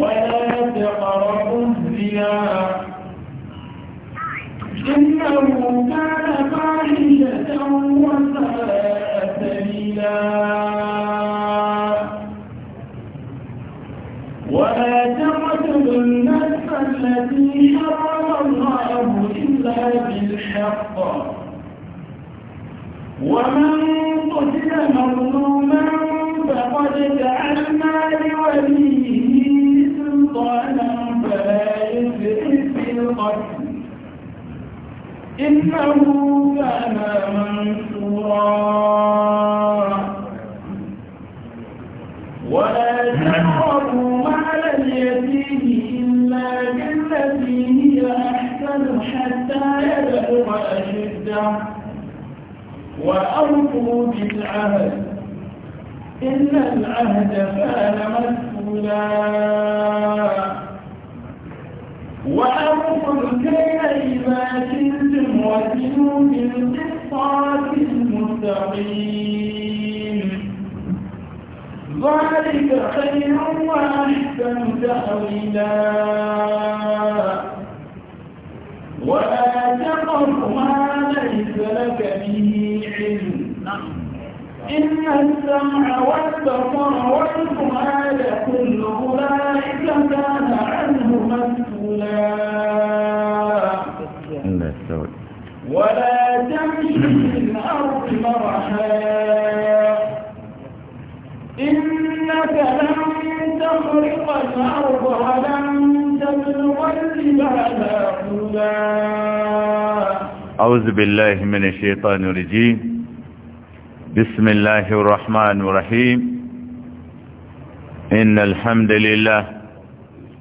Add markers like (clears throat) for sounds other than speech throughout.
ولا تقربوا الزنا إنه كان فاحشة وساء سبيلا ولا تقتلوا النفس التي حرم الله إلا بالحق ومن إنه كان منصورا ولا تقربوا مال اليتيم إلا بالتي هي أحسن حتى يبلغ أشده وأوفوا بالعهد إن العهد كان مسؤولا وأوفوا الكيل إذا كلتم المستقيم ذلك خير وأحسن تأويلا ولا ما ليس لك به علم إن السمع والبصر والفؤاد كل أولئك كان عنه مسؤولا الله ولا تمشي في الأرض مرحا إنك لن تخرق الأرض ولن تبلغ الجبال طولا أعوذ بالله من الشيطان الرجيم بسم الله الرحمن الرحيم إن الحمد لله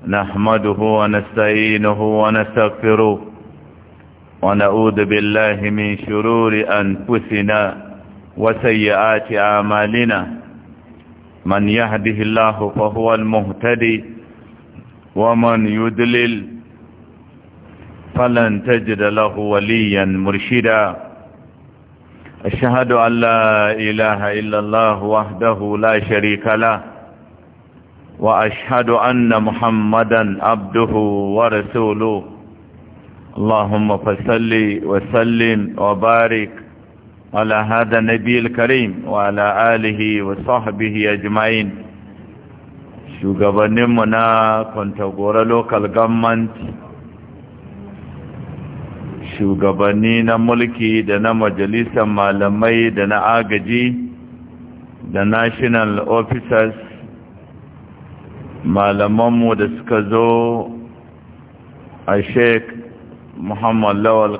نحمده ونستعينه ونستغفره ونعوذ بالله من شرور أنفسنا وسيئات أعمالنا من يهده الله فهو المهتدي ومن يدلل فلن تجد له وليا مرشدا أشهد أن لا إله إلا الله وحده لا شريك له وأشهد أن محمدا عبده ورسوله اللهم فصل وسلم وبارك على هذا النبي الكريم وعلى آله وصحبه أجمعين shugabanninmu na kwantagora local government shugabanni na mulki da na majalisar malamai da na agaji da national officers malamanmu da suka zo a sheik muhammad lawal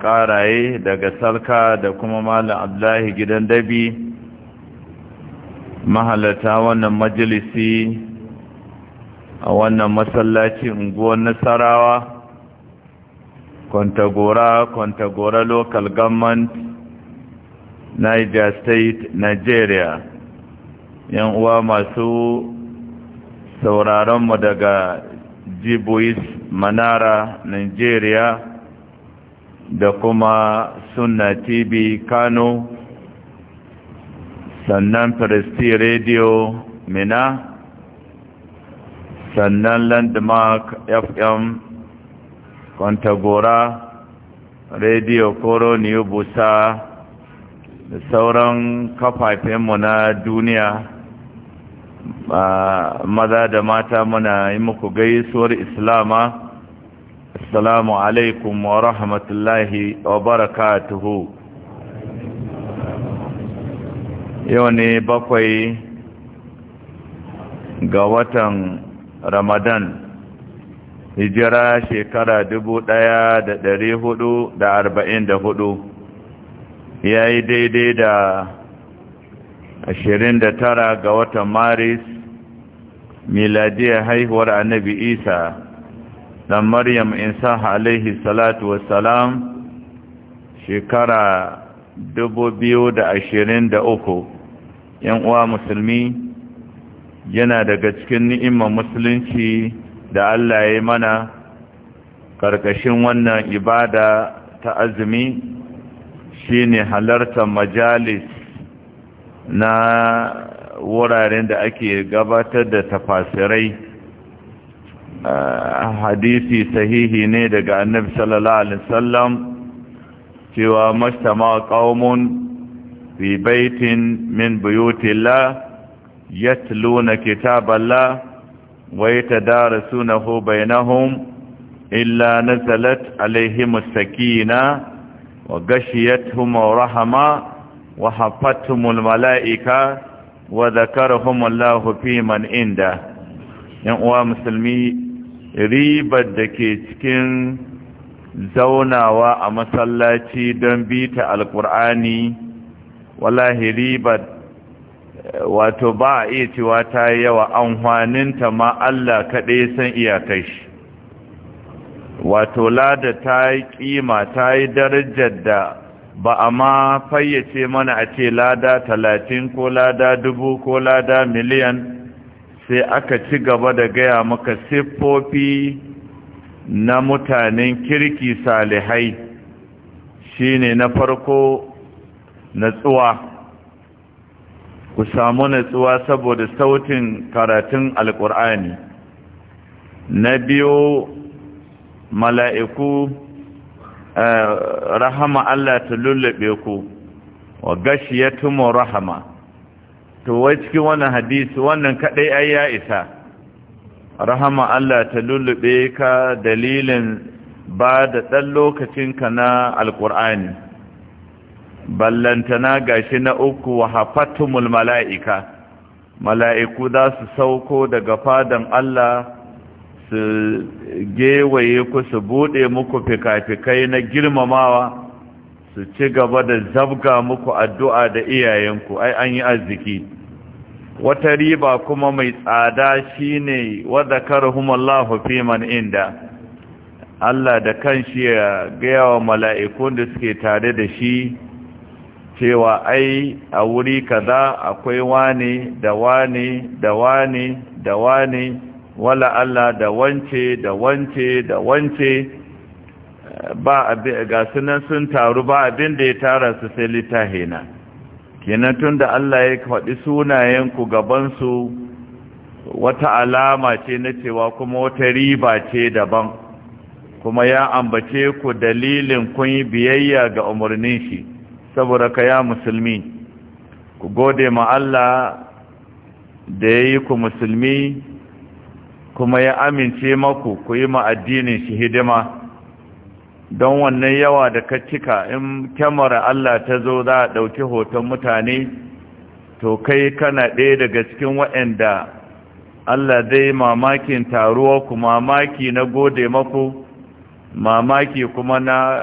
karaye daga salka da kuma malam abdullahi gidan dabi mahalata wannan majalisi a wannan masallaci unguwar nasarawa kwantagora kwantagora local government niger state nigeria yan uwa masu sauraronmu daga jibois manara nigeria da kuma sunna tv kano sannan presti radio mina sannan landmark fm kontagora radio koro new busa da sauran kafafenmu na duniya maza da mata muna yi muku gaisuwar islama assalamu alaikum wa rahmatullahi wa barakatuhu yau ne bakwai ga watan ramadan hijira shekara dubu ɗaya da ɗari hudu da arba'in da hudu ya yi daidai da tara ga watan maris miladiyar haihuwar annabi isa dan maryam insa alaihi salatu wassalam shekara uku, yan uwa musulmi yana daga cikin ni'imar musulunci da Allah ya mana karkashin wannan ibada ta azumi shine halartar majalis na wuraren da ake gabatar da tafasirai hadisi sahihi ne daga annabi sallallahu alaihi wasallam cewa mastama qaumun fi baitin min buyutillah yatluna kitaballah wa yatadarasunahu bainahum illa nazalat alaihim as-sakina wa ghashiyatuhum rahma وحفتهم الملائكة وذكرهم الله في من عنده yan uwa musulmi ribar da ke cikin zaunawa a masallaci don bita alkur'ani wallahi ribar wato ba iya cewa ta yi yawa amfaninta ma Allah kaɗai san iyakai shi wato lada ta yi ƙima ta yi darajar da ba a ma fayyace mana a ce lada talatin ko lada dubu ko lada miliyan sai aka ci gaba da gaya maka siffofi na mutanen kirki salihai shine na farko natsuwa ku samu natsuwa saboda sautin karatun Alƙur'ani na biyu mala'iku Eh, rahama Allah ta lullube ku wa gashiyatumu rahama to wai cikin wannan hadisi wannan kadai ai ya isa rahama Allah ta lullube ka dalilin ba da lokacin ka na alƙur'ani ballantana gashi na uku wa hafatumul mala'ika mala'iku za su sauko daga fadan Allah su gewaye ku su buɗe muku fikafikai na girmamawa su ci gaba da zabga muku addu'a da iyayenku ai an yi arziki wata riba kuma mai tsada shine wadda karhumallahu fi man inda Allah da kan shi ya gaya wa mala'ikun da suke tare da shi cewa ai a wuri kaza akwai wani da wani da wani da wani wala Allah da wance da wance da wance ba abin ga sunan sun taru ba abin da ya tara su sai na kenan tunda Allah ya faɗi sunayen ku gaban wata alama ce na cewa kuma wata riba ce daban kuma ya ambace ku dalilin kun yi biyayya ga umarnin shi saboda ka ya musulmi ku gode ma Allah da ya yi ku musulmi kuma ya amince maku ku yi ma addinin shi hidima don wannan yawa da ka cika in kyamara Allah ta zo za a ɗauki hoton mutane to kai kana ɗaya daga cikin waɗanda Allah dai mamakin taruwa ku mamaki na gode maku mamaki kuma na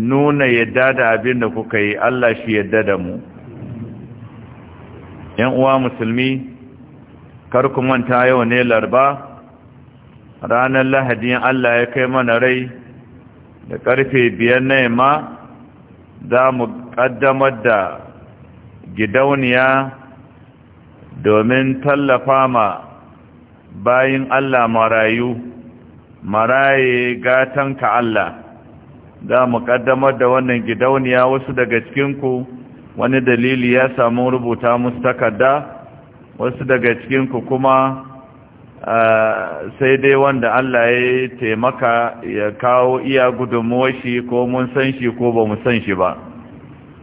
nuna yadda da abin da kuka yi Allah shi yadda da mu ‘yan uwa musulmi’ karku manta yau ne larba ranar lahadin Allah ya kai mana rai da karfe biyan na yamma za mu ƙaddamar da gidauniya domin tallafa ma bayin Allah marayu maraye gatanka Allah za mu ƙaddamar da wannan gidauniya wasu daga cikinku wani dalili ya samu rubuta musu takarda wasu daga cikinku kuma sai dai wanda Allah ya taimaka ya kawo iya gudunmuwar shi ko mun san shi ko ba mu san shi ba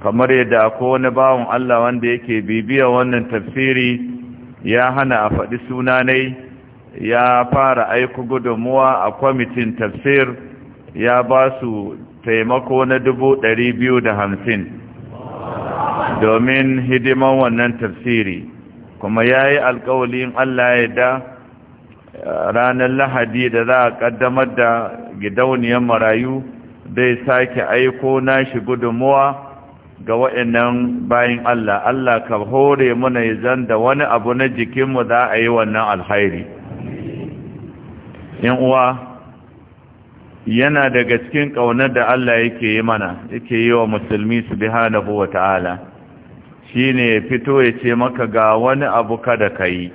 kamar yadda ko wani bawon Allah wanda yake bibiya wannan tafsiri ya hana a faɗi sunanai ya fara aiko gudunmuwa a kwamitin tafsir ya ba su taimako na dubu ɗari biyu da hamsin domin hidiman wannan tafsiri kuma ya yi alkawalin Allah ya da ranar lahadi da za a kaddamar da gidauniyar marayu zai sake aiko na shi gudunmuwa ga waannan bayan Allah Allah ka hore muna yi zan da wani abu na jikinmu za a yi wannan alhairi in uwa yana daga cikin ƙaunar da Allah yake yi mana yake yi wa musulmi su subhanahu wa ta'ala shi ya fito ya ce maka ga wani abu kada ka yi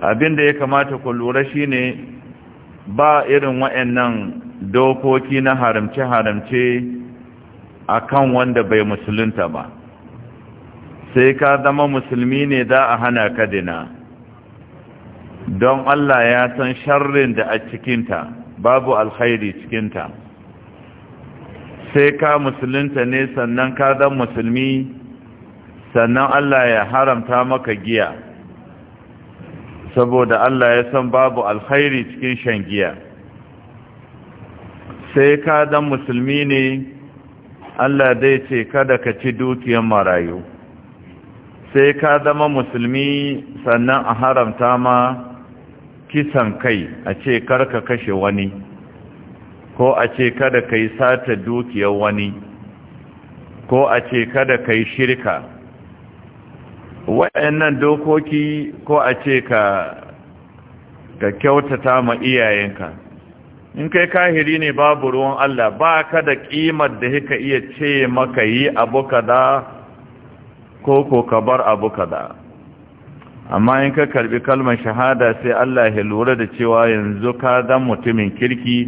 abinda ya kamata ku lura shi ne ba irin wa'annan dokoki na haramce-haramce a kan wanda bai musulunta ba sai ka zama musulmi ne za a hana ka don Allah ya san sharrin da a cikinta babu alkhairi cikinta sai ka musulunta ne sannan ka zan musulmi sannan Allah ya haramta maka giya saboda Allah ya san babu alkhairi cikin shan giya sai ka dan musulmi ne Allah dai ce kada ka ci dukiyar marayu sai ka zama musulmi sannan a haramta ma kisan kai a ce karka kashe wani ko a ce kada ka yi sata dukiyar wani ko a ce kada ka yi shirka waɗannan dokoki ko a ce ka ka kyautata ma iyayenka in kai kahiri ne babu ruwan Allah ba ka da ƙimar da hika iya ce maka yi abu kada ko ko ka bar abu kada amma in ka karbi kalmar shahada sai Allah ya lura da cewa yanzu ka dan mutumin kirki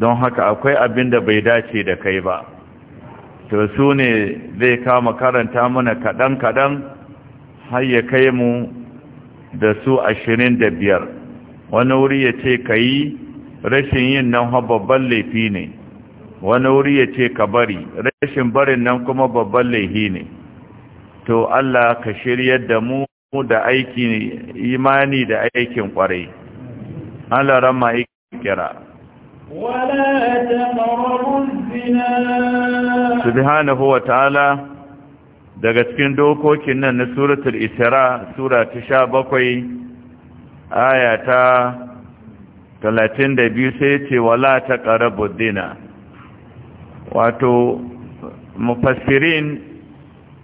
don haka akwai abin da bai dace da kai ba to su ne zai kama karanta mana kaɗan-kaɗan har ya kai mu da su ashirin da biyar wani wuri ya ce ka yi rashin yin nan babban laifi ne wani wuri ya ce ka bari rashin barin nan kuma babban laifi ne to Allah ka shiryar da mu da aiki imani da aikin kwarai Allah rama ikira wala taqrabu zina subhanahu wa ta'ala daga cikin dokokin nan na suratul isra sura ta sha bakwai aya ta talatin da biyu sai ce wala ta ƙarabu dina wato mufassirin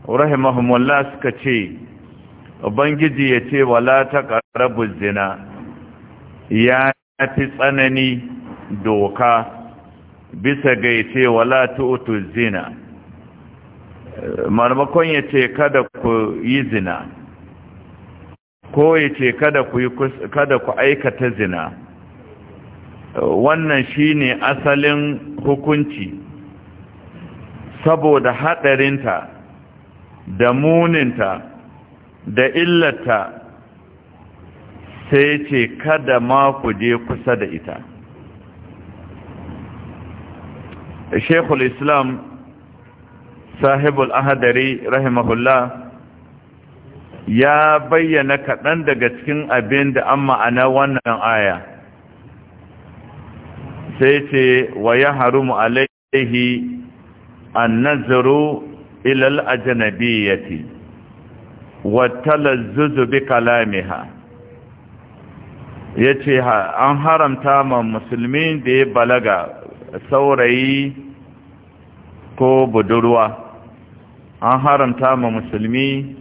rahimahumullah suka ce ubangiji ya ce wala ta ƙarabu zina ya fi tsanani doka bisa ga ya ce wala ta zina marmakon ya ce kada ku yi zina ko ya ce kada ku aikata zina wannan shine asalin hukunci saboda haɗarinta, da muninta da illata sai ce kada ma ku je kusa da ita Shekul Islam sahibul ahadari rahimahullah ya bayyana kaɗan daga cikin abin da an ma'ana wannan aya sai ce wa ya harumu alaihi an nazaru ilal ajanabiyyati wa talazzuzu bi kalamiha yace an haramta ma musulmi da ya balaga saurayi ko budurwa an haramta ma musulmi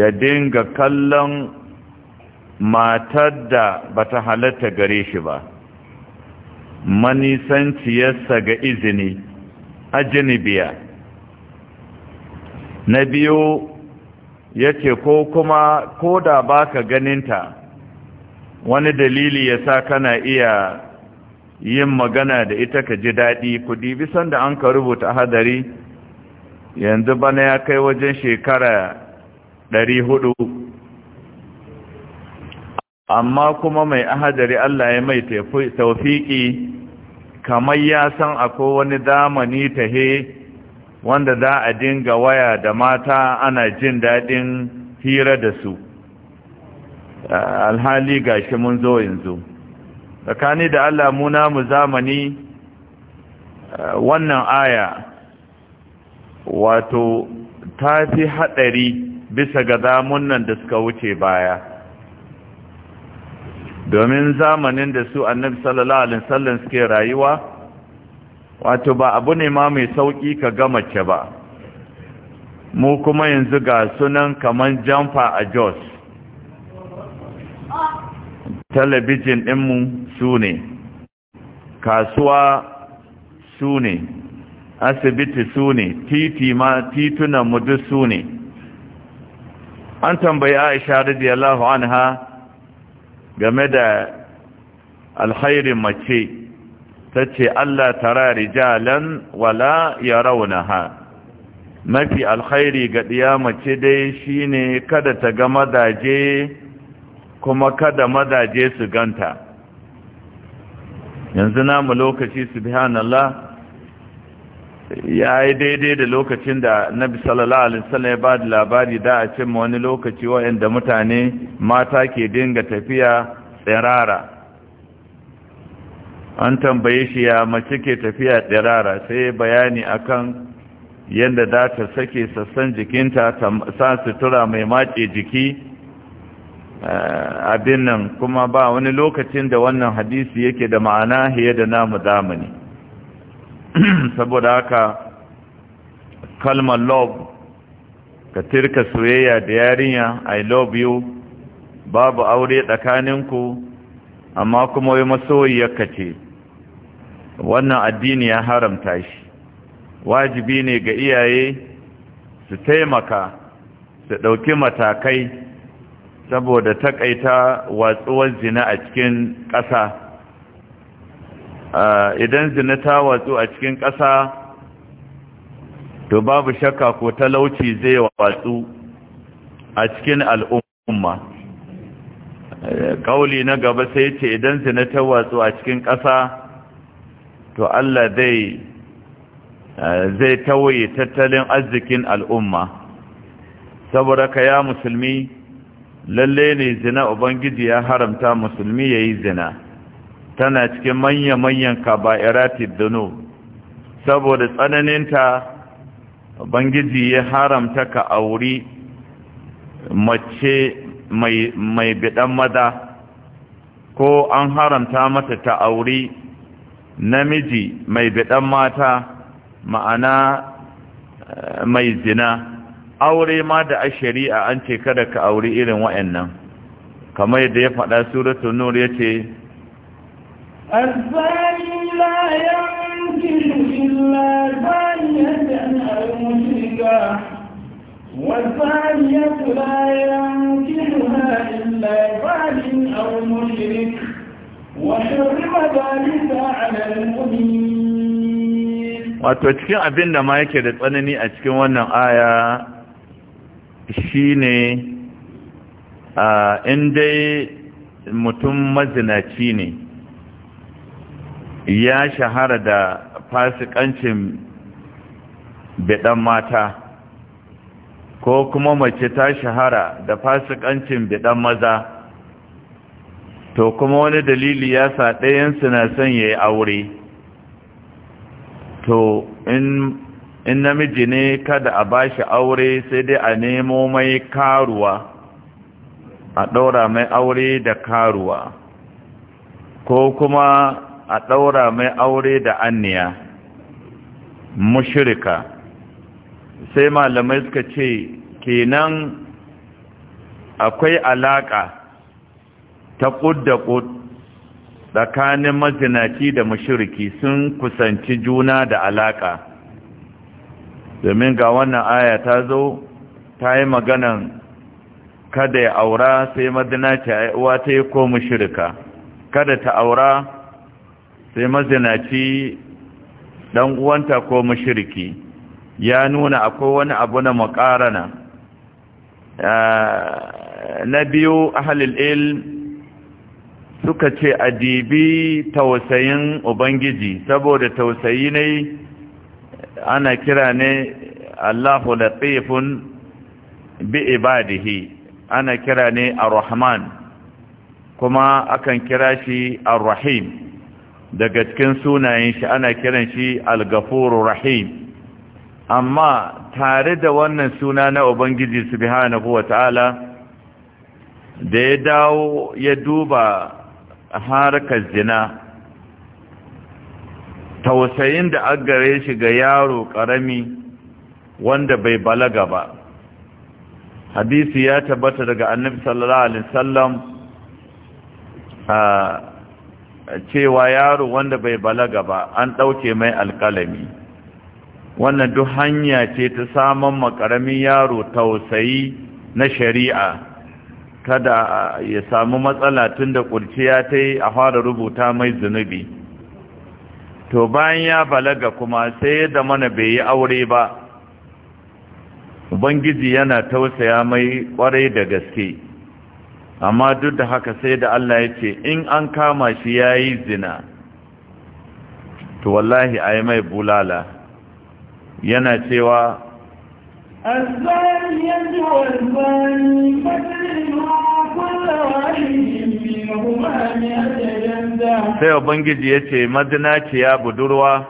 ya dinga kallon matar da bata halatta gare shi ba manisanci yasa ga izini ajinibiya na biyu ya ce ko kuma ko da baka ganinta wani dalili ya sa kana iya yin magana da ita ka ji daɗi kudi bisan da an ka rubuta hadari yanzu bana ya kai wajen shekara ɗari hudu amma kuma mai ahadari Allah ya mai taufiki kamar ya san akwai wani zamani ta he wanda za a dinga waya da mata ana jin daɗin hira da su alhali ga shi mun zo yanzu tsakani da Allah mu namu zamani wannan aya wato ta fi haɗari bisa ga nan da suka wuce baya domin zamanin da su annabi sallallahu alaihi wasallam suke rayuwa wato ba abu ne ma mai sauki ka ga mace ba mu kuma yanzu ga sunan kaman jamfa a Jos talabijin ɗinmu su sune. kasuwa su asibiti su ne titi ma titunan mu duk su ne an tambayi aisha radiyallahu anha game da alkhairin mace ta ce Allah tara rijalan wala ya rauna ha. mafi alkhairi ga ɗiya mace dai shi ne, kada ta ga madaje kuma kada madaje su ganta yanzu namu lokaci su subhanallah ya yi daidai da lokacin da nabi sallallahu alaihi wasallam ya ba da labari da a cin wani lokaci wa'anda mutane mata ke dinga tafiya tsirara an tambaye shi ya mace ke tafiya tsirara sai bayani akan yadda za ta sake sassan jikinta sa sutura mai mace jiki eh, abin nan kuma ba wani lokacin da wannan hadisi yake da ma'ana hiye da namu zamani (clears throat) saboda haka kalmar love ka tirka soyayya da yarinya i love you babu aure tsakaninku amma kuma wai masoyiyarka ce wannan addini ya haramta shi wajibi ne ga iyaye su taimaka su ɗauki matakai saboda takaita watsuwar zina a cikin ƙasa idan zina ta watsu a cikin ƙasa to babu shakka ko talauci zai watsu a cikin al'umma ƙauli na gaba sai ce idan zina ta watsu a cikin ƙasa to Allah zai zai tawaye tattalin arzikin al'umma saboda ka ya musulmi lalle ne zina ubangiji ya haramta musulmi ya yi zina tana cikin manya-manyan kaba'iratid dunub saboda tsananinta bangiji ya haramta ka auri mace mai bidan maza ko an haramta mata ta auri namiji mai bidan mata ma'ana eh, mai zina aure ma da a shari'a an ce kada ka auri irin wa'annan kamar yadda ya faɗa suratul nur yace الزاني لا ينكح إلا زانية أو مشركة والزانية لا إلا زان أو مشرك وحرم ذلك على المؤمنين wato cikin abin da ma yake da tsanani a cikin wannan aya shine a dai mutum mazinaci ne ya shahara da fasikancin bidan mata ko kuma mace ta shahara da fasikancin bidan maza to kuma wani dalili ya sa ɗayansu na son ya yi aure to in namiji ne kada a ba shi aure sai dai a nemo mai karuwa a ɗaura mai aure da karuwa ko kuma a ɗaura mai aure da anniya mushirika sai malamai suka ce kenan akwai alaƙa ta ƙud tsakanin mazinaci da mushiriki sun kusanci juna da alaƙa domin ga wannan aya ta zo ta yi maganan kada ya aura sai mazinaci a uwa ta yi ko mushirika kada ta aura sai mazinaci dan uwanta ko mushriki ya nuna akwai wani abu na makarana na biyu ahlul ilm suka ce adibi tausayin ubangiji saboda tausayi ne ana kira ne Allahu latifun bi ibadihi ana kira ne a rahman kuma akan kira shi a rahim daga cikin sunayen shi ana kiran shi al rahim amma tare da wannan suna na ubangiji subhanahu ta'ala da ya dawo ya duba harkar zina tausayin da an gare shi ga yaro karami wanda bai balaga ba hadisi ya tabbata daga annabi sallallahu alaihi wasallam cewa yaro wanda bai balaga ba an ɗauke mai alƙalami wannan duk hanya ce ta saman makaramin yaro tausayi na shari'a kada ya samu matsala tun da ya ta yi a fara rubuta mai zunubi to bayan ya balaga kuma sai da mana bai yi aure ba ubangiji yana tausaya mai kwarai da gaske amma duk da haka sai da Allah ya ce in an kama shi ya yi zina to wallahi a yi mai bulala yana cewa sai ubangiji ya ce ya budurwa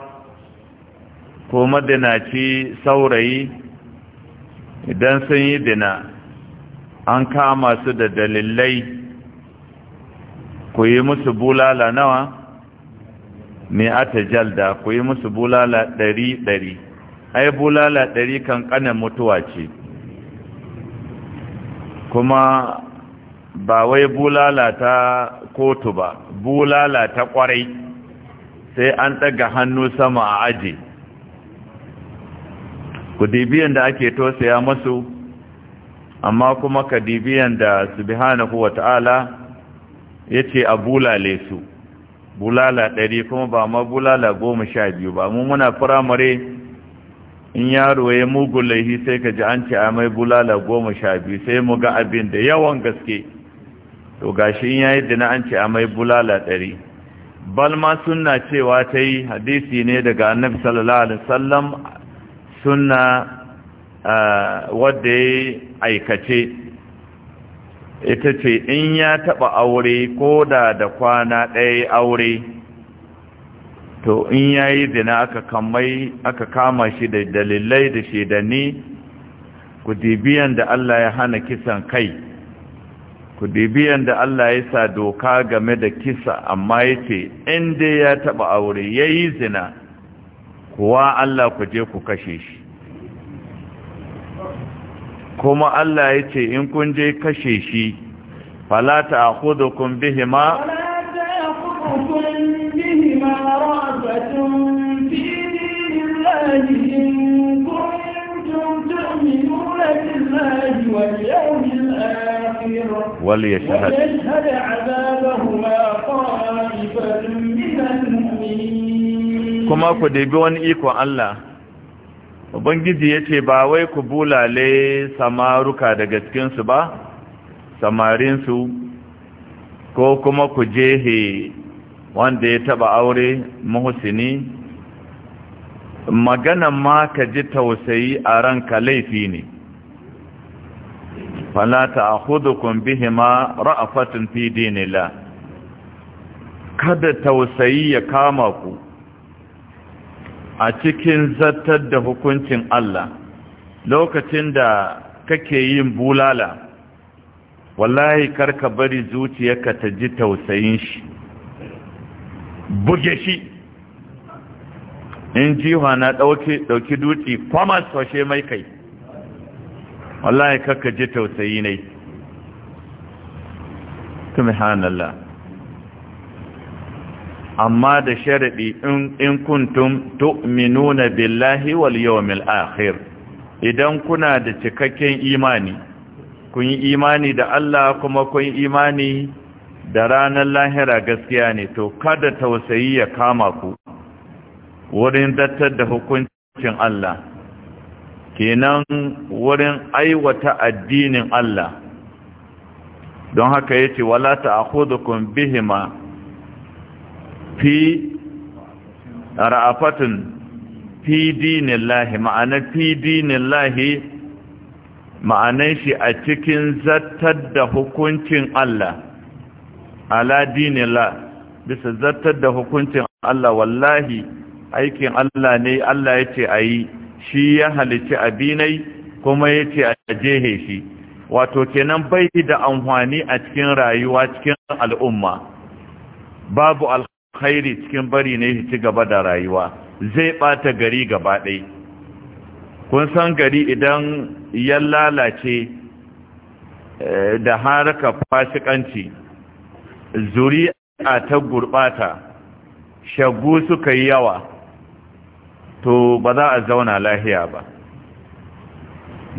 ko madinaci saurayi idan sun yi dina an kama su da dalilai ku yi musu bulala nawa a ta jalda ku yi musu bulala ɗari-ɗari ai bulala ɗari kan ƙanan mutuwa ce kuma ba wai bulala ta kotu ba bulala ta ƙwarai sai an ɗaga hannu sama a aji ku dibiyan da ake tosaya masu amma kuma kadibiyan da subhanahu wata'ala ce a bulale su bulala ɗari kuma ba ma bulala goma sha biyu ba mu muna firamare in yaro ya mugun laifi sai ka ji an ce a mai bulala goma sha biyu sai mu ga abin da yawan gaske to gashi in yayi dina an ce a mai bulala ɗari balma suna cewa ta yi hadisi ne daga annabi sallallahu alaihi wasallam sunna ah, wadda ya aikace ita ce in ya taɓa aure ko da da kwana ɗaya aure to in ya yi zina aka kama shi da dalilai da shaidanni ku dibiyan da Allah ya hana kisan kai ku dibiyan da Allah ya sa doka game da kisa amma ya ce in dai ya taɓa aure ya yi zina kuwa Allah ku je ku kashe shi kuma Allah ya ce in kun je kashe shi fala ta'khudhukum bihima وليشهد عذابهما طائفة من Kuma ku كدبي wani ikon Allah ubangiji ya ce ba wai ku bulale samaruka daga cikinsu ba samarinsu ko kuma ku jehe wanda ya taba aure mahusini. maganan ma ka ji tausayi a ranka laifi ne falata a hudukun bihima ra'afatun fi dinila kada tausayi ya kama ku a cikin zartar da hukuncin Allah lokacin da kake yin bulala wallahi karka bari zuciyarka ta ji tausayin shi buge shi in jiwa na ɗauki dutse kwamas soshe mai kai wallahi karka ji tausayi ne subhanallah amma da sharadi in kuntum tu'minuna billahi wal yawmil akhir idan kuna da cikakken imani kun yi imani da Allah kuma kun yi imani da ranar lahira gaskiya ne to kada tausayi ya kama ku wurin dattar da hukuncin Allah kenan wurin aiwata addinin Allah don haka yace wala ta'khudukum bihima fi ra'afatun fi lahi ma'ana fi lahi ma'anan shi a cikin zartar da hukuncin Allah ala la bisa zartar da hukuncin Allah wallahi aikin Allah ne Allah ya ce a yi shi ya halici abinai kuma ya ce a jehe shi wato kenan bai da amfani a cikin rayuwa cikin al'umma babu al khairi cikin bari ne shi ci gaba da rayuwa zai bata gari gaba ɗai kun san gari idan ya lalace eh, da haraka fasikanci zuri'a ta gurɓata shagu suka yi yawa to ba za a zauna lahiya ba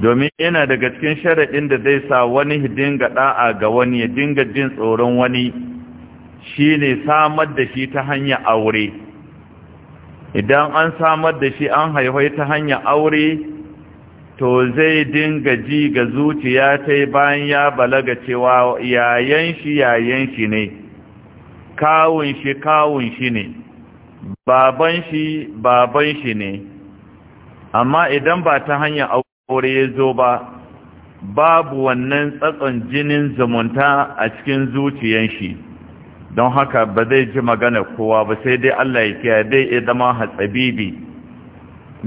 domin yana daga cikin sharaɗin da zai sa wani dinga ɗa'a ga wani ya dinga jin tsoron wani shi ne samar da shi ta hanyar aure idan an samar da shi an haihai ta hanyar aure to zai dinga ji ga zuciya ta bayan ya balaga cewa yayan shi yayan shi ne kawun shi kawun shi ne baban shi baban shi ne amma idan ba ta hanyar aure ya zo ba babu wannan tsatson jinin zumunta a cikin zuciyan shi don haka ba zai ji magana kowa ba sai dai Allah ya kiyaye dai ya zama hatsabibi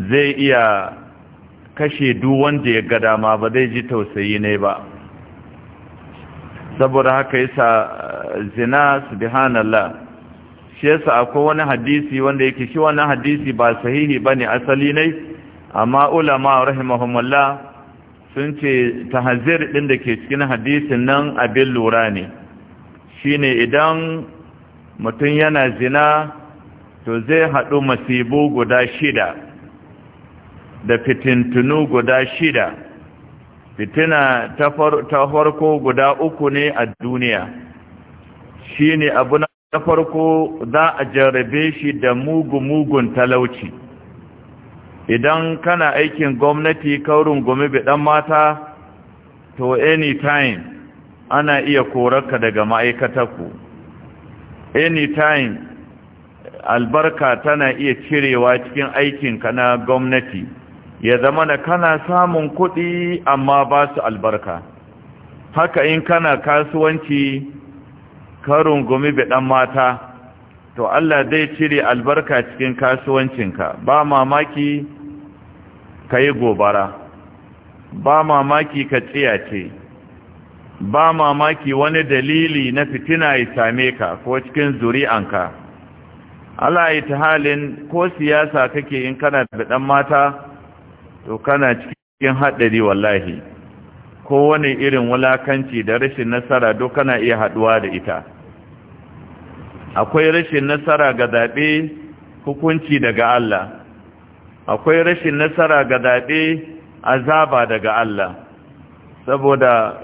zai iya kashe duk wanda ya ga dama ba zai ji tausayi ne ba saboda haka yasa eh, zina subhanallah shi yasa akwai wani hadisi wanda yake shi wannan hadisi ba sahihi bane asali ne amma ulama rahimahumullah sun ce tahzir din da ke cikin hadisin nan abin lura ne shine idan mutum yana zina to zai haɗu masibu guda shida da fitintunu guda shida fitina ta farko guda uku ne a duniya shine abu na farko za a jarabe shi da mugu-mugun talauci idan kana aikin gwamnati kaurin gumi biɗan mata to anytime ana iya korarka daga ma'aikatarku anytime albarka tana iya cirewa cikin aikinka na gwamnati ya zama na kana samun kuɗi amma ba su albarka haka in kana kasuwanci karin gumi biɗan mata to Allah zai cire albarka cikin kasuwancinka ba mamaki ka yi gobara ba mamaki ka tsiyace ba mamaki wani dalili na fitina ya same ka ko cikin zuri'anka Allah ya ta halin ko siyasa kake in kana da ɗan mata to kana cikin haɗari wallahi ko wani irin wulakanci da rashin nasara duk kana iya haɗuwa da ita akwai rashin nasara ga zaɓe hukunci daga Allah akwai rashin nasara ga zaɓe azaba daga Allah saboda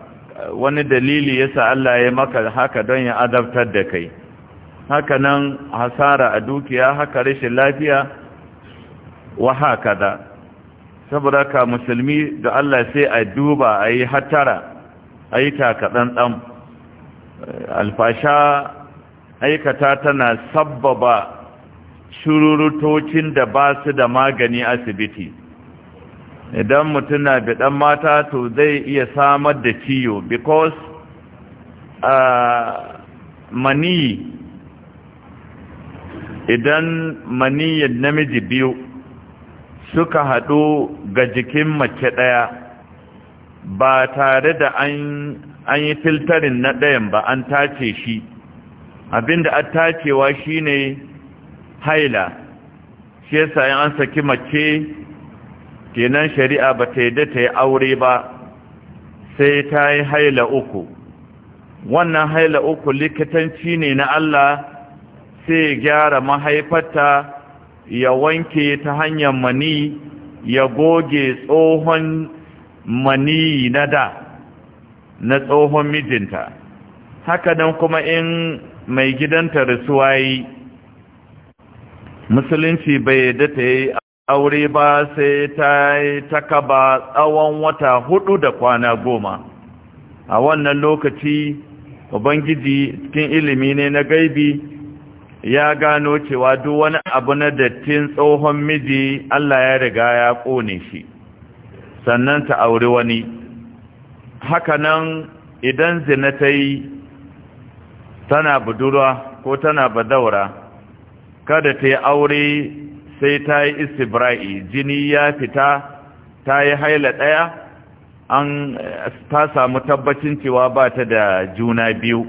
wani dalili yasa Allah ya maka haka don ya adabtar da kai haka nan hasara a dukiya haka rashin lafiya wa haka da saboda ka musulmi da Allah sai a duba a yi hattara a yi takaɗanɗan alfasha aikata tana sabbaba shururutocin da ba su da magani asibiti idan mutum na biɗan mata to zai iya samar da ciyo because uh, mani idan maniyyar namiji biyu suka haɗu ga jikin mace ɗaya ba tare da an yi filtarin na ɗayan ba an tace shi abinda an tacewa shine haila shi yasa an saki mace kenan shari'a ba ta yi ta yi aure ba sai ta yi haila uku wannan haila uku likitanci ne na Allah sai gyara mahaifarta ya wanke ta hanyar mani ya goge tsohon mani na da na tsohon mijinta haka nan kuma in mai gidanta rasuwa yi musulunci bai yadda ta yi aure ba sai ta yi takaba tsawon wata hudu da kwana goma a wannan lokaci ubangiji cikin ilimi ne na gaibi ya gano cewa duk wani abu na dattin tsohon miji Allah ya riga ya ƙone shi sannan ta aure wani hakanan idan zina ta yi tana budurwa ko tana badaura kada ta yi aure sai ta yi istibra'i jini ya fita ta yi haila ɗaya an ta samu tabbacin cewa ba ta da juna biyu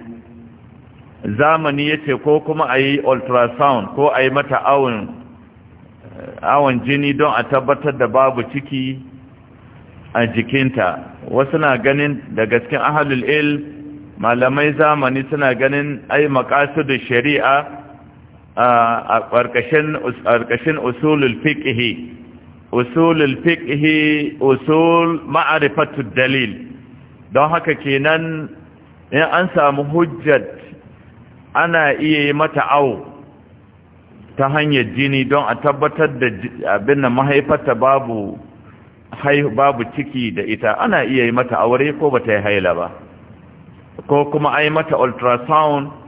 zamani ya ce ko kuma a yi ultrasound ko a yi mata awon jini don a tabbatar da babu ciki a jikinta wasu na ganin da gaskin ahalul il malamai zamani suna ganin ai makasudu shari'a a ƙarƙashin usulul fiƙihi usulul fiƙihi usul ma'arifatu dalil don haka kenan in an samu hujjat ana iya yi mata au ta hanyar jini don a tabbatar da abin da mahaifata babu babu ciki da ita ana iya yi mata aure ko ba ta yi haila ba ko kuma ai mata ultrasound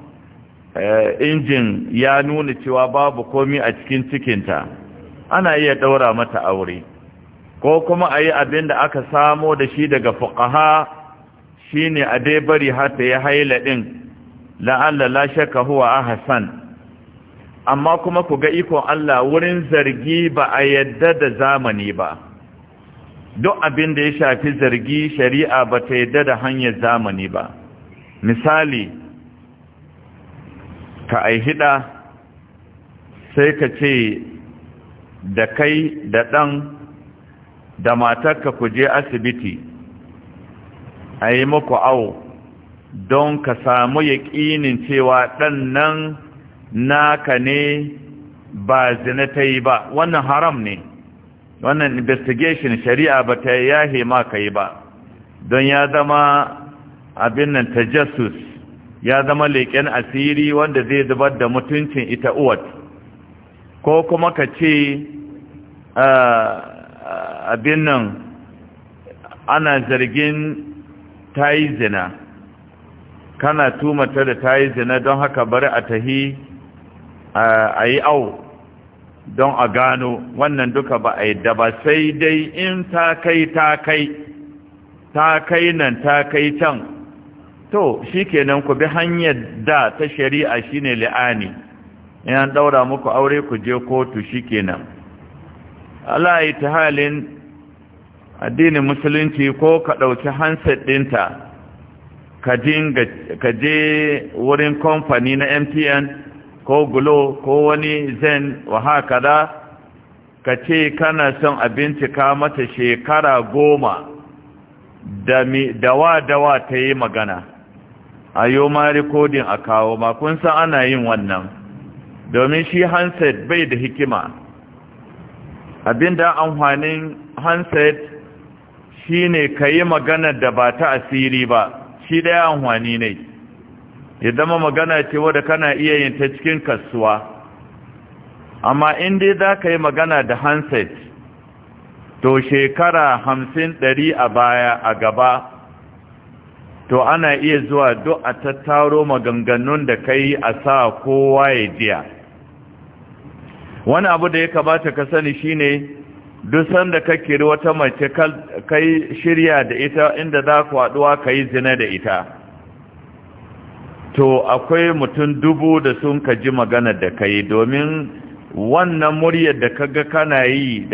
Eh, injin ya nuna cewa babu komi a cikin cikinta ana iya ɗaura mata aure ko kuma a yi abin da aka samo da shi daga fuqaha shine a dai bari hata ya haila ɗin la'alla la shakka huwa ahsan amma kuma ku ga ikon Allah wurin zargi ba a yadda da zamani ba duk abin da ya shafi zargi shari'a ba ta yadda da hanyar zamani ba misali ka aihida sai ka ce da kai da ɗan da matarka ku je asibiti a yi muku awo don ka samu yaƙinin cewa ɗan nan naka ne ba zina ta yi ba wannan haram ne wannan investigation shari'a ba ta yahe ma ka yi ba don ya zama abin nan ta tajassus ya zama leƙen asiri wanda zai zubar da mutuncin ita uwat ko kuma ka ce ah, abin nan ana zargin ta yi zina kana tumata da ta yi zina don haka bari a tahi a yi au don a gano wannan duka ba a yi da ba sai dai in ta kai ta kai ta kai nan ta kai can to shi kenan ku bi hanyar da ta shari'a shi shine li'ani yan ɗaura muku aure ku je kotu shi kenan Allah ya ta halin addinin musulunci ko ka ɗauki hansa ɗinta ka je wurin kamfani na mtn ko gulo ko wani zen wa haka da ka ce kana son a bincika mata shekara goma da dawa-dawa ta yi magana a yi ma rikodin a kawo ma kun san ana yin wannan domin shi handset bai da hikima abinda amfanin handset shine ne ka yi magana da ba ta asiri ba shi ɗaya amfani ne idan ma magana ce wadda kana iya yin ta cikin kasuwa amma in dai za ka yi magana da handset to shekara hamsin dari a baya a gaba to ana iya zuwa duk a tattaro maganganun da ka yi a sa kowa ya jiya wani abu da ya kamata ka sani shine duk sanda ka kiri wata mace kai shirya da ita inda za ku haɗuwa ka yi zina da ita to akwai mutum dubu da sun ka ji magana da ka yi domin wannan muryar da ka ga kana yi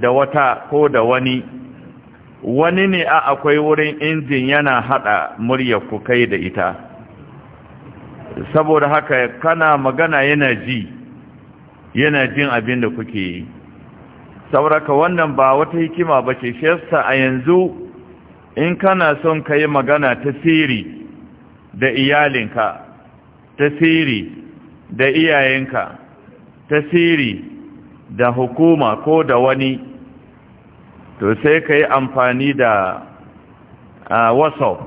da wata ko da wani wani ne a akwai wurin injin yana hada murya ku kai da ita saboda haka kana magana yana ji yana jin abin da kuke yi sauraka wannan ba wata hikima ba ce shi yasa a yanzu in kana son ka yi magana ta siri da iyalinka ta siri da iyayenka ta siri da hukuma ko da wani to sai ka yi amfani da whatsapp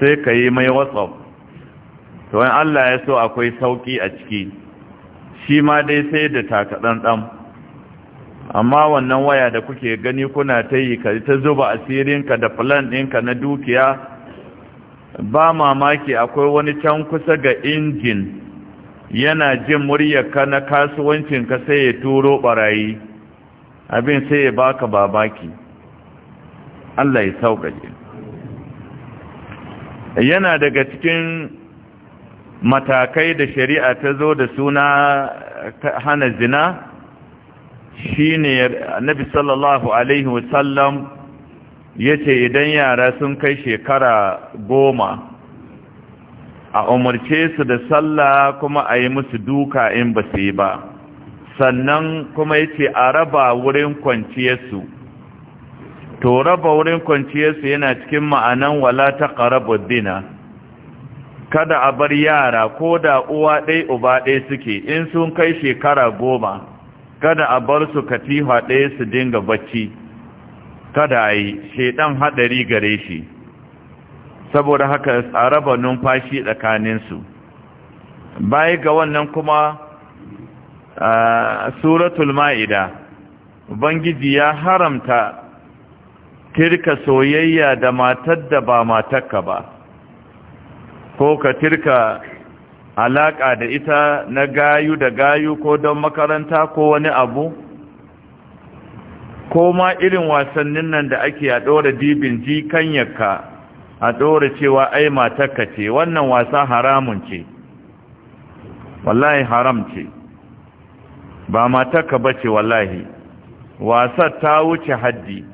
sai ka yi mai whatsapp to in Allah ya so akwai sauki a ciki shi ma dai sai da takaɗanɗan amma wannan waya da kuke gani kuna ta yi ka ta zuba asirinka da plan ɗinka na dukiya ba mamaki akwai wani can kusa ga injin yana jin muryarka na kasuwancinka sai ya turo ɓarayi abin sai ya baka babaki Allah ya sauƙaƙe yana daga cikin matakai da shari'a ta zo da suna hana zina shine annabi sallallahu alaihi wasallam yace idan yara sun kai shekara goma a umarce su da sallah kuma a yi musu duka in ba su yi ba sannan kuma ce a raba wurin kwanciyarsu to raba wurin kwanciyarsu yana cikin ma'anan wala ta taqrabu dina kada a bar yara ko da uwa ɗai uba ɗaya suke in sun kai shekara goma kada a bar su katifa ɗaya su dinga bacci kada a yi shaidan haɗari gare shi saboda haka a raba numfashi tsakaninsu baya ga wannan kuma suratul ma'ida Bangiji ya haramta tirka soyayya da matar da ba matarka ba ko ka tirka alaƙa da ita na gayu da gayu ko don makaranta ko wani abu ko ma irin wasannin nan da ake a ɗora dibin kanyarka a ɗora cewa ai matarka ce wannan wasa haramun ce wallahi haram ce ba ba ce, wallahi wasar ta wuce haddi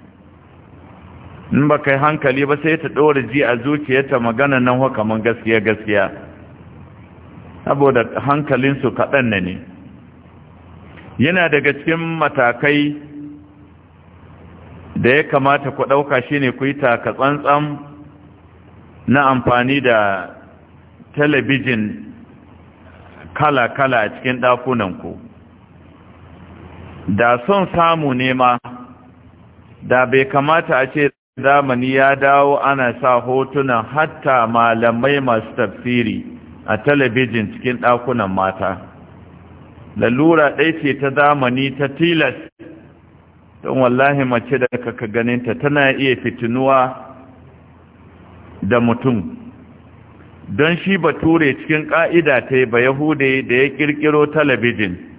in ba kai hankali ba sai ta ɗora ji a zuciyarta magana nan hakaman gaskiya gaskiya saboda hankalinsu kaɗan na ne yana daga cikin matakai da ya kamata ku ɗauka shi ne ku yi taka tsantsan na amfani da talabijin kala-kala a cikin ɗakunanku da son samu nema da bai kamata a ce zamani ya dawo ana sa hotunan hatta malamai masu tafsiri a talabijin cikin ɗakunan mata lalura ɗai ce ta zamani ta tilas don wallahi mace da kaka ganinta tana iya fitinuwa da mutum don shi bature cikin ƙa'ida ta yi ba yahude da ya ƙirƙiro talabijin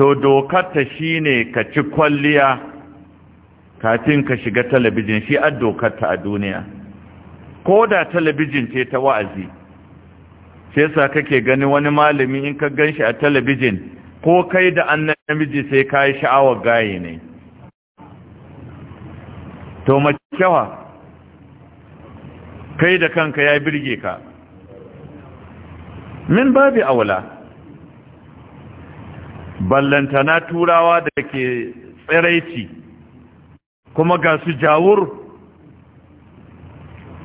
to ta shi ne ka ci kwalliya kafin ka shiga talabijin shi an dokarta a duniya ko da talabijin ce ta wa'azi sai sa kake gani wani malami in ka gan shi a talabijin ko kai da annan namiji sai ka yi sha'awar gaye ne to kyawa kai da kanka ya birge ka min babu aula ballantana turawa da ke tsiraici kuma ga su jawur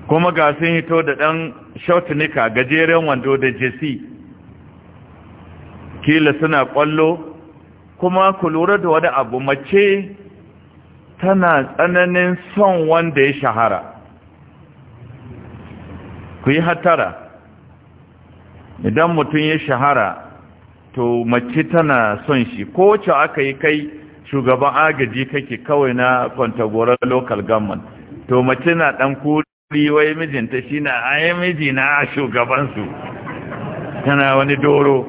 kuma ga sun hito da ɗan shautinika gajeren wando da jesi kila suna ƙwallo kuma ku lura da wani abu mace tana tsananin son wanda ya shahara ku yi hatara idan mutum ya shahara to mace tana son shi ko ce aka yi kai shugaban agaji kake kawai na kwantagora local government to mace na dan kuri wai mijinta shi na ayi miji na shugabansu tana wani doro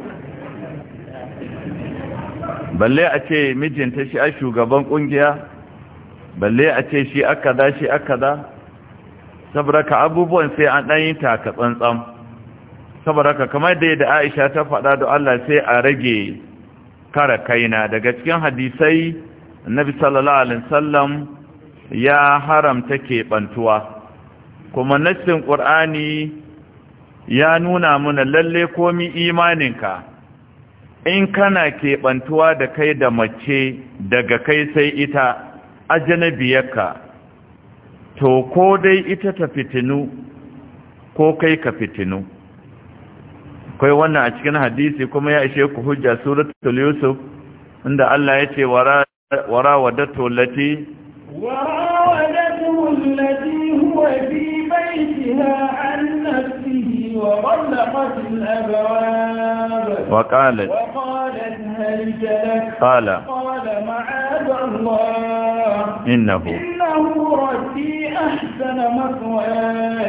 balle a ce mijinta shi a shugaban kungiya balle a ce shi aka da shi aka da saboda ka abubuwan sai an ɗanyi taka tsantsan saboda haka kamar da yadda Aisha ta faɗa da Allah sai a rage kara kaina daga cikin hadisai Annabi sallallahu alaihi wasallam ya haramta keɓantuwa kuma nassin ƙur'ani ya nuna mana lalle komi imaninka in kana keɓantuwa da kai da mace daga kai sai ita ka. to ko dai ita ta fitinu ko kai ka fitinu kai wannan a cikin hadisi kuma ya ishe ku hujja suratul yusuf inda Allah yace wara wara wadatu lati wara wadatu lati huwa fi baytiha an nafsihi wa ghalqat al-abwab wa qalat wa qalat hal jalak qala qala ma'ad Allah innahu innahu rabbi ahsana mathwaya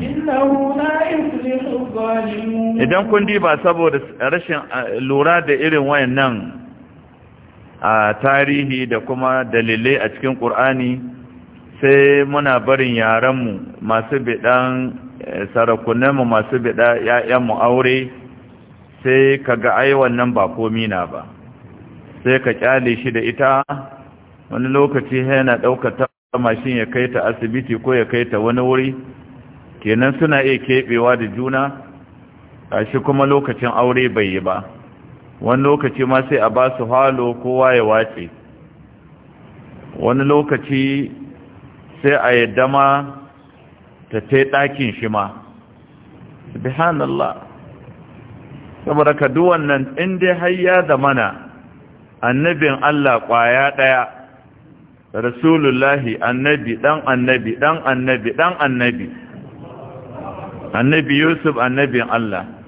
innahu la idan kun ba saboda rashin lura da irin wayan nan a tarihi da kuma dalilai a cikin ƙur'ani sai muna barin yaranmu masu biɗan eh, sarakunanmu masu biɗa ‘ya'yanmu aure sai ka ga ai wannan ba komina ba sai ka kyale shi da ita wani lokaci yana ɗaukata mashin ya kai ta asibiti ko ya kai ta wani wuri kenan suna iya keɓewa da juna shi kuma lokacin aure bai yi ba wani lokaci ma sai a ba su halo kowa ya wace wani lokaci sai a yadda ma ta te ɗakin shi ma subhanallah saboda ka nan inda hayya da mana annabin Allah ƙwaya ɗaya rasulullahi annabi ɗan annabi ɗan annabi ɗan annabi annabi yusuf annabin Allah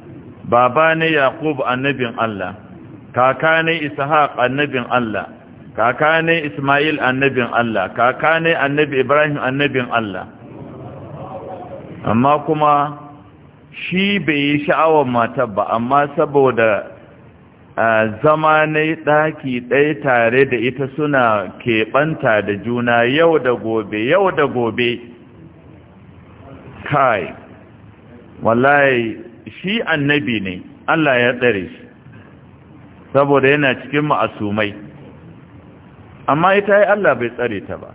baba ne yaqub annabin Allah kaka ne ishaq annabin Allah kaka ne isma'il annabin Allah kaka ne annabi ibrahim annabin Allah amma kuma shi bai yi sha'awar matar ba amma saboda zama ne daki ɗaya tare da ita suna keɓanta da juna yau da gobe yau da gobe kai wallahi shi annabi ne Allah ya tsare shi saboda yana cikin ma'asumai amma ita yi Allah bai tsare ta ba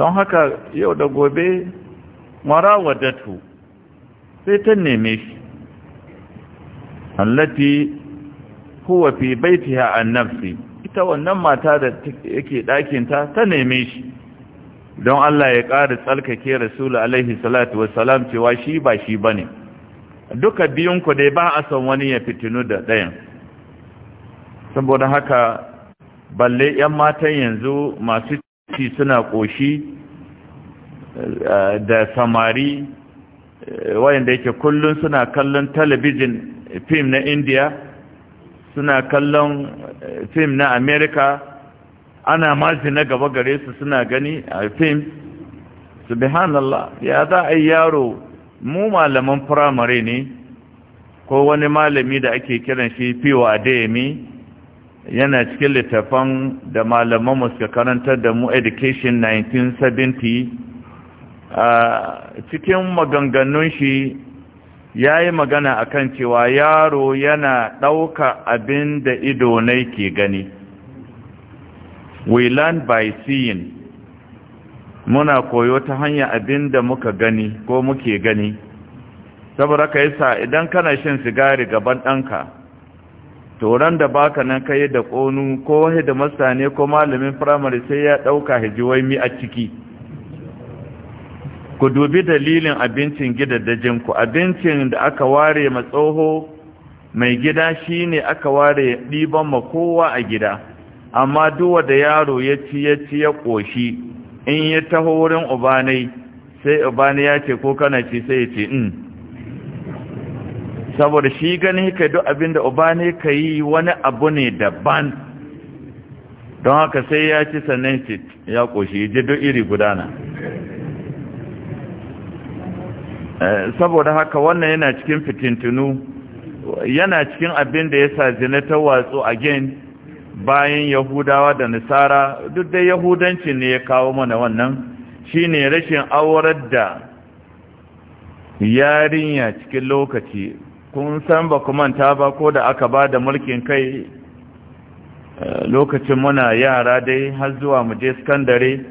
don haka yau da gobe wadatu sai ta neme shi allati huwa fi baitiha an nafsi ita wannan mata da yake ɗakinta ta neme shi don Allah ya ƙara tsarkake rasulu alaihi salatu salam cewa shi ba shi ba ne duka biyunku dai ba a son wani ya fitinu da ɗayan saboda haka balle 'yan matan yanzu masu ci suna ƙoshi eh, da samari eh, wayanda yake kullum suna kallon talabijin eh, fim na India, suna kallon fim na Amerika. ana maji na gaba gare su suna gani a fim subhanallah ya za a yaro mu malaman firamare ne ko wani malami da ake kiran shi fiwa dami yana cikin littafan da malaman muska karantar da mu education 1970 a cikin maganganun shi ya yi magana akan cewa yaro yana ɗauka abin da na ke gani we learn by seeing muna koyo ta hanya abinda muka gani ko muke gani saboda ka yasa idan kana shan sigari gaban ɗanka turan da baka nan kai da ƙonu ko wani da masane ko malamin firamare sai ya ɗauka hijiwai a ciki ku dubi dalilin abincin ku abincin da aka ware matsoho mai gida shine aka ware ɗiban ma kowa a gida amma duwa da yaro ya ci ya ci ya ƙoshi in ya taho wurin ubanai sai ubani ya ce ko kana ci sai ya ce in mm. saboda shi gani ka duk abinda ubani ka yi wani abu ne daban don haka sai ya ci sannan ci ya ƙoshi ji duk iri gudana eh, saboda haka wannan yana cikin fitintunu yana cikin abin da ya sa zina ta watsu again bayan yahudawa da nasara, duk da yahudanci ne ya kawo mana wannan shine rashin aurar da yarinya cikin lokaci kun san ba manta ba ko da aka ba da mulkin kai eh, lokacin muna yara dai har zuwa mu je sakandare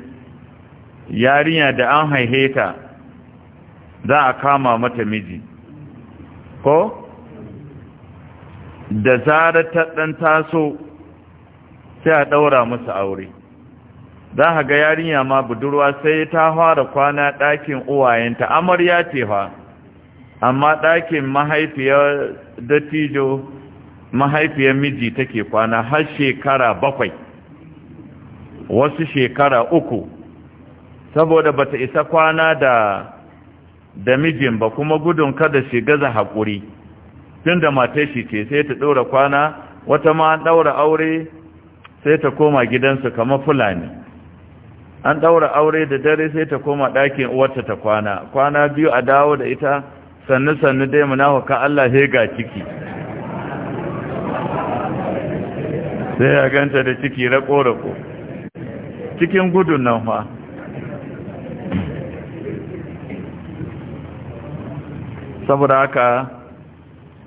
yarinya da an haihe ta za a kama mata miji ko da zarar ta ɗan taso sai a ɗaura musu aure za a ga yarinya ma budurwa sai ta fara kwana ɗakin uwayenta amarya ce fa amma ɗakin mahaifiyar dattijo mahaifiyar miji take kwana har shekara bakwai wasu shekara uku saboda bata isa kwana da da mijin ba kuma gudun kada shi gaza haƙuri tun da matar shi ce sai ta ɗora kwana wata ma ɗaura aure sai ta koma gidansu kamar fulani an ɗaura aure da dare sai ta koma ɗakin uwarta ta kwana kwana biyu a dawo da ita sannu sannu dai munawa ka Allah sai ga ciki sai ya ganta da ciki rako-rako cikin gudun nan fa saboda haka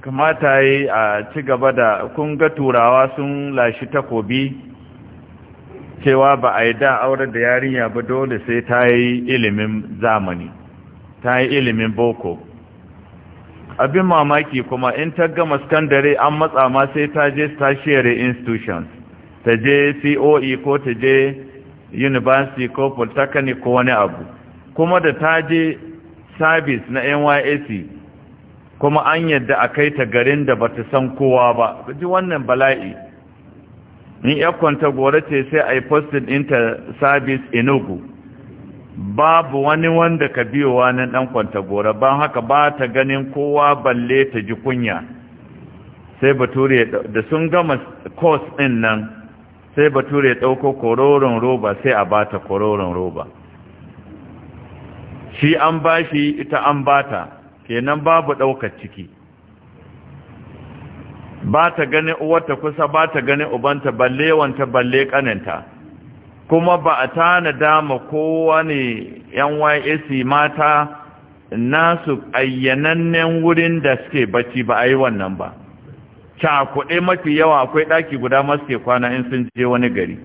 kamata yi a ci gaba da kun ga turawa sun lashi takobi cewa ba a yi da aure da yarinya ba dole sai ta yi ilimin zamani ta yi ilimin boko abin mamaki kuma in ta gama skandare an matsa ma sai ta je tertiary institutions ta je coe ko ta je university ko polytechnic ko wani abu kuma da ta je service na nysc kuma an yadda a kai ta garin da ba ta san kowa ba ji wannan bala'i ni ya kwanta gore ce sai a yi postin inter service inugu babu wani wanda ka biyowa na ɗan kwanta gore ban haka ba ta ganin kowa balle ta ji kunya sai bature da sun gama course din nan sai bature ya dauko kororon roba sai a bata kororon roba shi an bashi ita an bata kenan babu ɗaukar ciki ba ta gani uwarta kusa ba ta gani ubanta balle wanta balle kananta kuma ba a tana dama kowa ne NYSC mata nasu ayyanannen wurin da suke bacci ba a yi wannan ba cakuɗe mafi yawa akwai ɗaki guda maske kwana in sun je wani gari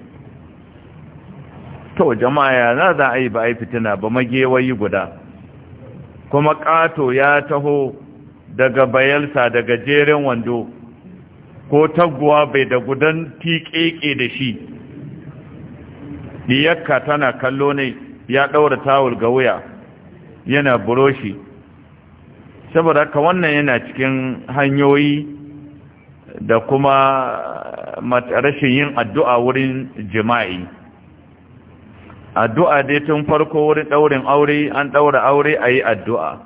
to jama'a ya za a yi ba a yi fitina ba magewayi guda kuma ƙato ya taho daga bayelsa daga jerin wando ko taguwa bai da gudan tiƙeƙe da shi diyakka tana kallo ne ya ɗaura tawul ga wuya yana buroshi saboda haka wannan yana cikin hanyoyi da kuma rashin yin addu'a wurin jima'i addu'a dai tun farko wurin ɗaurin aure an ɗaura aure a yi addu'a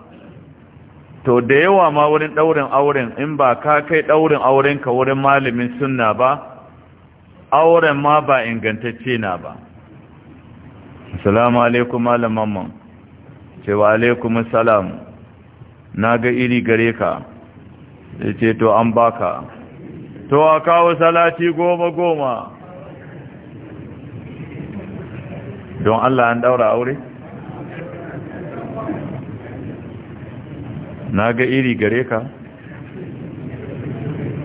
to da yawa ma wurin ɗaurin auren in ba ka kai ɗaurin auren ka wurin malamin suna ba auren ma ba ingantacce na ba assalamu alaikum malamman cewa alaikum salam. na ga iri gare ka ce to an baka to a kawo salati goma goma don Allah an daura aure na ga iri gare ka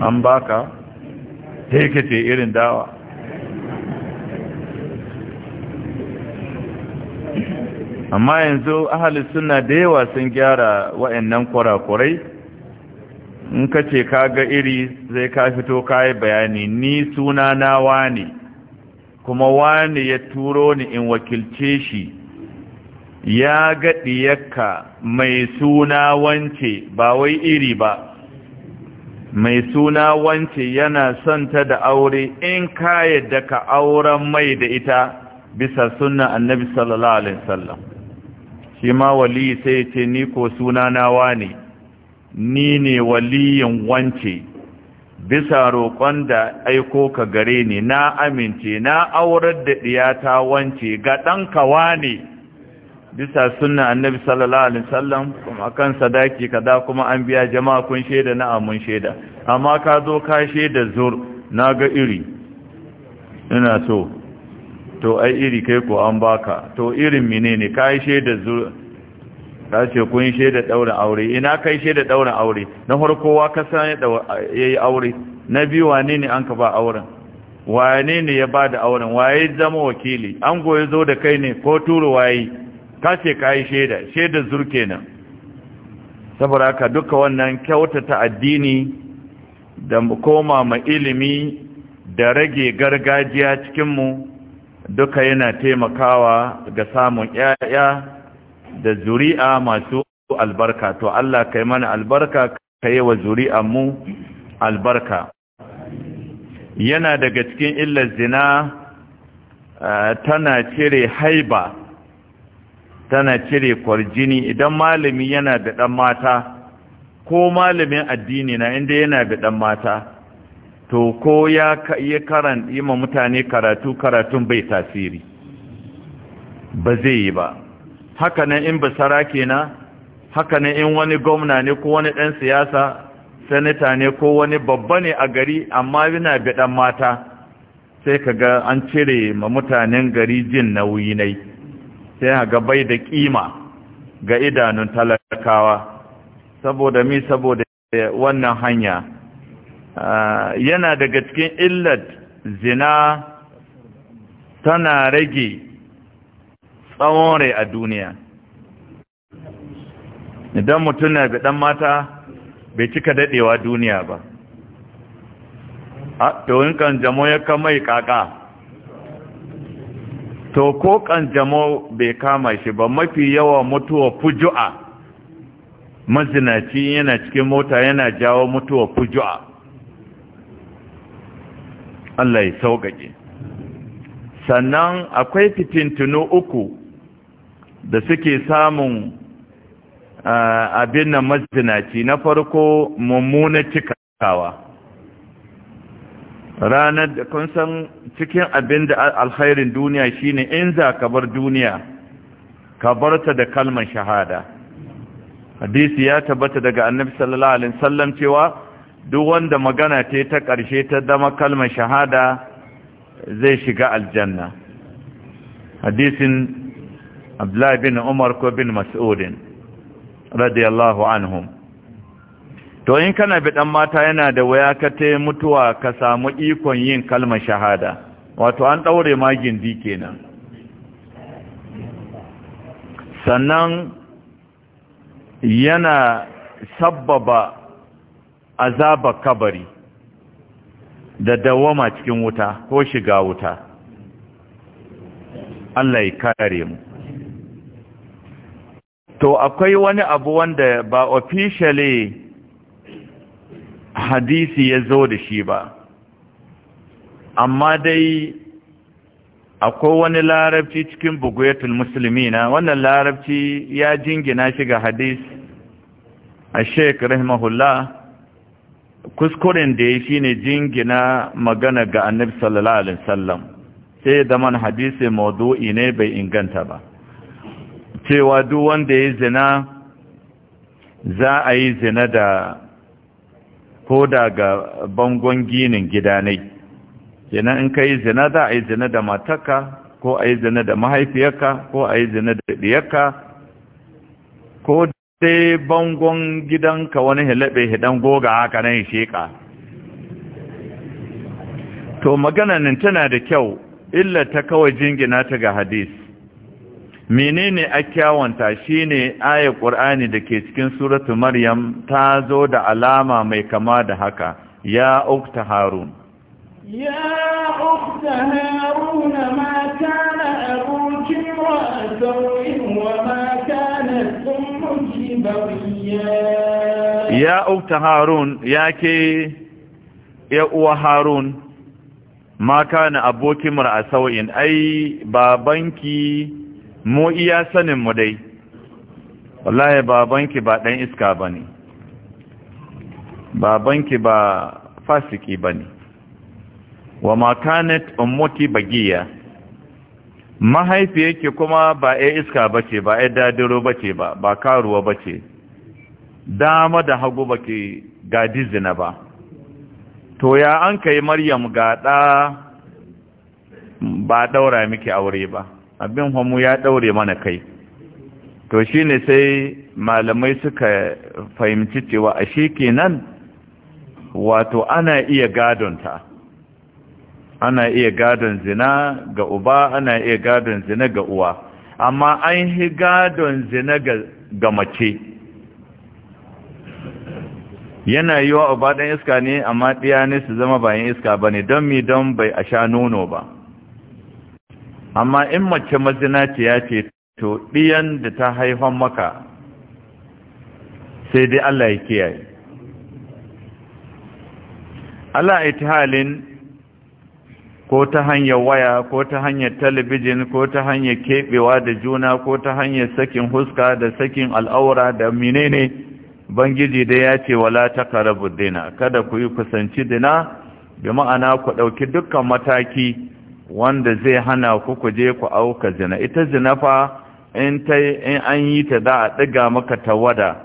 an baka ce irin dawa amma yanzu ahali suna da yawa sun gyara wa'annan kurakurai in ka ce ka ga iri zai ka fito kayi bayani ni suna nawa ne kuma wani ya turo ni in wakilce shi ya ga mai suna wance ba wai iri ba mai suna wance yana son da aure in ka yadda ka auren mai da ita bisa suna annabi sallallahu alaihi wasallam shi ma wali sai ce ni ko suna na wani ni ne waliyin wance bisa roƙon da aiko ka gare ni na amince na aurar da ɗiyata wance ga ɗanka wane bisa suna annabi sallallahu alaihi wasallam kuma kan sadaki da kuma an biya jama'a kun sheda na amun sheda amma ka zo ka sheda zur na ga iri ina so to ai iri kai ko an baka to irin menene ka sheda zur ta ce kun shaida ɗaurin aure ina kai shaida ɗaurin aure na farko wa ka sani ya yi aure na biyu wane ne an ka ba auren wane ne ya ba da auren waye zama wakili an goye zo da kai ne ko turu waye ka ce ka yi shaida shaida zur kenan saboda haka duka wannan kyautata addini da koma ma ilimi da rage gargajiya cikin mu duka yana taimakawa ga samun 'ya'ya da zuri'a masu albarka to Allah kai mana albarka kai wa zuri'a mu albarka yana daga cikin illar zina eh, tana cire haiba tana cire kwarjini idan malami yana da ɗan mata ko malamin addini na inda yana da ɗan mata to ko ya yi karanta ima mutane karatu karatun bai tasiri ba zai yi ba haka nan in basara kenan haka nan in wani gwamna ne ko wani ɗan siyasa sanata ne ko wani babba ne a gari amma yana biɗan mata sai kaga an cire ma mutanen gari jin nauyi nai sai ga bai da ƙima ga idanun talakawa saboda mi saboda wannan hanya yana daga cikin illat zina tana rage tsawon rai a duniya idan mutum na bi ɗan mata bai cika daɗewa duniya ba a in jamo ya kama yi kaka to ko jamo bai kama shi ba mafi yawa mutuwa fuju'a mazinaci yana cikin mota yana jawo mutuwa fuju'a Allah ya sauƙaƙe sannan akwai fitintunu uku da suke samun ah, abin nan mazinaci na farko mummuna cikawa ranar da kun san cikin abin da alkhairin duniya shine in za ka bar duniya ka bar ta da kalmar shahada hadisi ya tabbata daga annabi sallallahu alaihi wasallam cewa duk wanda magana ta ta karshe ta dama kalmar shahada zai shiga aljanna hadisin abdullahi bin umar ko bin mas'udin radiyallahu anhum to in kana bidan mata yana da waya ka ta mutuwa ka samu ikon yin kalmar shahada wato an daure ma gindi kenan sannan yana sabbaba azaba kabari da dawama cikin wuta ko shiga wuta Allah ya kare mu to akwai wani abu wanda ba officially hadisi ya zo da shi ba amma dai akwai wani larabci cikin buguyatul musulmi na wannan larabci ya jingina shi ga hadis a sheik rahimahullah kuskuren da ya shi ne jingina magana ga annabi sallallahu alaihi wasallam sai da man hadisi maudu'i ne bai inganta ba cewa duk wanda ya zina za a yi zina da ko da ga bangon ginin gidanai kenan in ka yi zina za a yi zina da mataka, ko a yi zina da mahaifiyarka ko a yi zina da ɗiyarka ko dai bangon gidanka wani hilabe hidan goga haka nan sheka to maganan tana da kyau illa ta kawai jingina ta ga hadisi menene akyawanta shine ayar qur'ani da ke cikin suratu maryam ta zo da alama mai kama da haka ya ukta harun ya ukta harun ma kana abuki wa azawin wa ma kana ummuki bawiya ya ukta harun yake ya uwa harun ma kana abokin mar'asawin ai babanki mu iya sanin mu dai wallahi babanki ba dan iska bane babanki ba fasiki bane wa ma kanat bagiya mahaifiyarki kuma ba ai iska bace ba ai dadiro bace ba ba karuwa bace dama da hagu baki gadizina ba to ya an kai maryam ga da ba ɗaura miki aure ba abin hamu ya daure mana kai to shine sai malamai suka fahimci cewa a shi kenan wato ana iya gadonta ana iya gadon zina ga uba ana iya gadon zina ga uwa amma an yi gadon zina ga mace yana yi wa uba ɗan iska ne amma ɗiya ne su zama bayan iska ba ne don mi don bai a sha nono ba amma in mace mazinaciya ce to ɗiyan da ta haifan maka sai dai Allah ya kiyaye Allah halin ko ta hanyar waya ko ta hanyar talabijin ko ta hanyar keɓewa da juna ko ta hanyar sakin huska da sakin al'aura da menene bangiji da ya ce wala ta karabu dina kada ku yi kusanci dina bi ma'ana ku ɗauki dukkan mataki wanda zai hana ku ku je ku auka zina ita zina fa in ta in an yi ta za a ɗiga maka tawada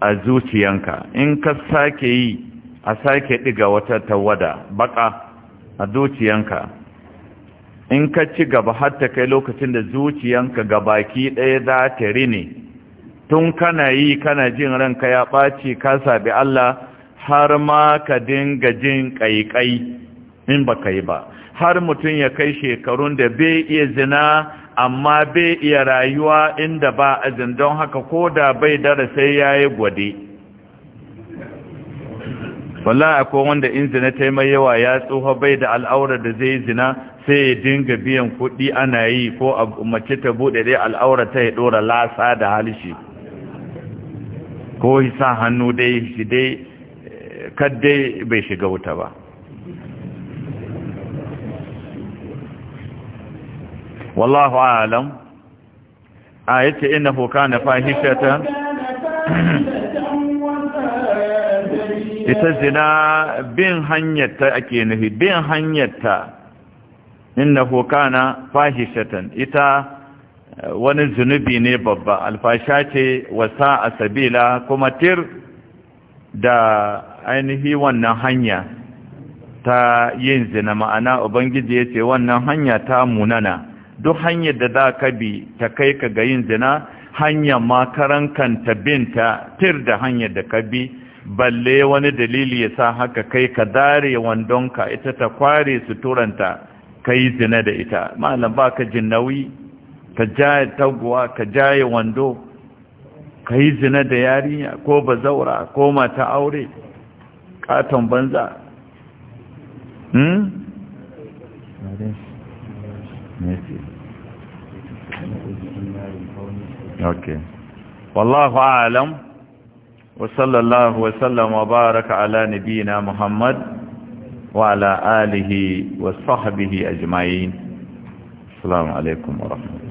a zuciyanka in ka sake yi a sake ɗiga wata tawada baka a zuciyanka in ka ci gaba har ta kai lokacin da zuciyanka gabaki ɗaya za ta rine tun kana yi kana jin ranka ya ɓaci ka sabi Allah har ma ka dinga jin ƙaiƙai in ba ka yi ba har mutum ya kai shekarun da bai iya zina amma bai iya rayuwa inda ba azin don haka ko da bai dara sai ya yi gwade wallahi akwai wanda in zina ta mai yawa ya tsoho bai da al'aura da zai zina sai ya dinga biyan kuɗi ana yi ko a mace ta buɗe dai al'aura ta ya ɗora lasa da halishi ko sa hannu dai shi dai eh, kaddai bai shiga wuta ba wallahu alam a yace innahu kana fahishatan (clears throat) ita zina bin hanyarta ake nufi bin hanyarta innahu kana fahishatan ita eh, wani zunubi ne babba alfasha ce wasa a sabila kuma tir da ainihi wannan hanya ta yin zina ma'ana ubangiji ya ce wannan hanya ta munana duk hanyar da za ka bi ta kai ka ga yin zina hanya ma karan kanta binta tir da hanyar da ka bi balle wani dalili ya sa haka kai ka dare wandonka ita ta kware suturanta ka yi zina da ita malam ba ka jin nauyi ka jaye taguwa ka jaye wando ka yi zina da yarinya ko ba zaura ko mata aure katon banza hmm? okay wallahu a'lam wa sallallahu wa sallam wa baraka ala nabiyyina muhammad wa ala alihi wa sahbihi ajma'in assalamu alaikum wa rahmatullahi